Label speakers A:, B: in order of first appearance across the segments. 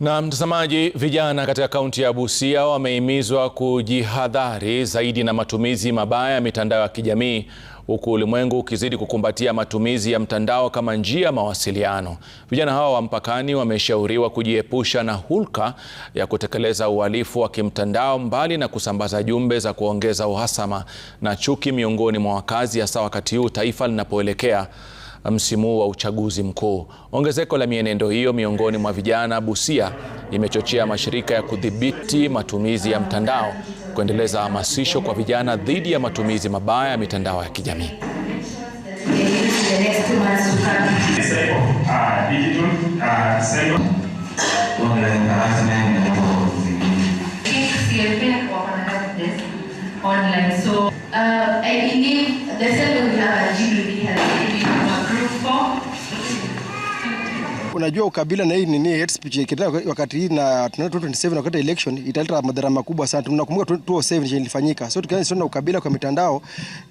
A: Na mtazamaji, vijana katika kaunti ya Busia wamehimizwa kujihadhari zaidi na matumizi mabaya ya mitandao ya kijamii huku ulimwengu ukizidi kukumbatia matumizi ya mtandao kama njia ya mawasiliano. Vijana hawa wa mpakani wameshauriwa kujiepusha na hulka ya kutekeleza uhalifu wa kimtandao mbali na kusambaza jumbe za kuongeza uhasama na chuki miongoni mwa wakazi, hasa wakati huu taifa linapoelekea msimu wa uchaguzi mkuu. Ongezeko la mienendo hiyo miongoni mwa vijana Busia limechochea mashirika ya kudhibiti matumizi ya mtandao kuendeleza hamasisho kwa vijana dhidi ya matumizi mabaya ya mitandao ya kijamii.
B: Online. So, uh, I believe the cell will have a Unajua ukabila na hii nini hate speech ikitaka wakati hii na 2027 wakati election italeta madhara makubwa sana. Tunakumbuka 2007 ile ilifanyika. So tukianza sio na ukabila kwa mitandao,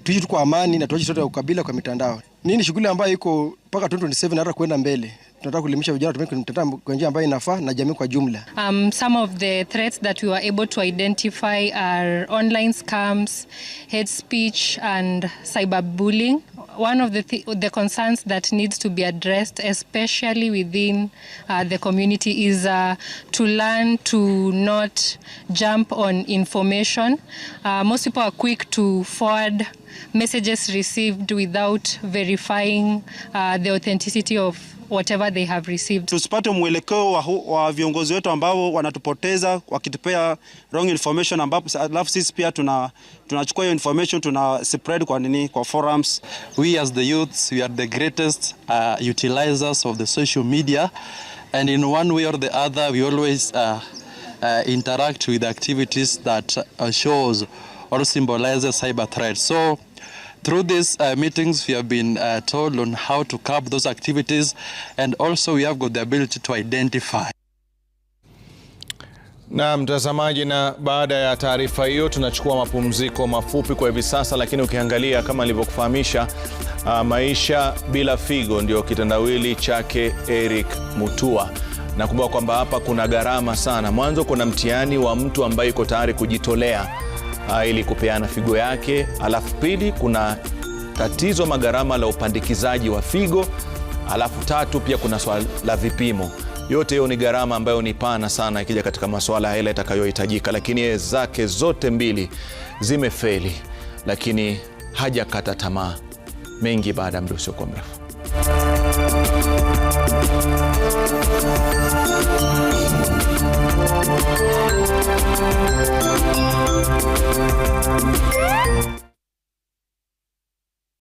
B: tuishi tu kwa amani na tuache sote ukabila kwa mitandao. Nini shughuli ambayo iko mpaka 2027 hata kwenda mbele tunataka kuelimisha vijana tumie mtandao kwa njia ambayo inafaa na jamii kwa jumla.
C: Um, some of the threats that we were able to identify are online scams, hate speech and cyberbullying. One of the, th the concerns that needs to be addressed especially within uh, the community is uh, to learn to not jump on information. Uh, most people are quick to forward messages received without verifying uh, the authenticity of whatever they have received.
B: Tusipate mwelekeo wa, wa viongozi wetu ambao wanatupoteza wakitupea wrong information, ambapo alafu sisi pia tuna tunachukua hiyo information tuna spread kwa nini, kwa forums.
D: We as the youths we are the greatest uh, utilizers of the social media and in one way or the other we always uh, uh, interact with activities that uh, shows or symbolizes cyber threat so Through these uh, meetings, we have been uh, told on how to curb those activities and also we have got the ability to identify.
A: Na mtazamaji, na baada ya taarifa hiyo tunachukua mapumziko mafupi kwa hivi sasa, lakini ukiangalia kama alivyokufahamisha uh, maisha bila figo ndio kitandawili chake Eric Mutua. Nakumbuka kwamba hapa kuna gharama sana. Mwanzo kuna mtihani wa mtu ambaye yuko tayari kujitolea uh, ili kupeana figo yake. Alafu pili, kuna tatizo magharama la upandikizaji wa figo. Alafu tatu, pia kuna swala la vipimo. Yote hiyo ni gharama ambayo ni pana sana ikija katika masuala ya hela itakayohitajika, lakini zake zote mbili zimefeli, lakini hajakata tamaa. Mengi baada ya muda usiokuwa mrefu.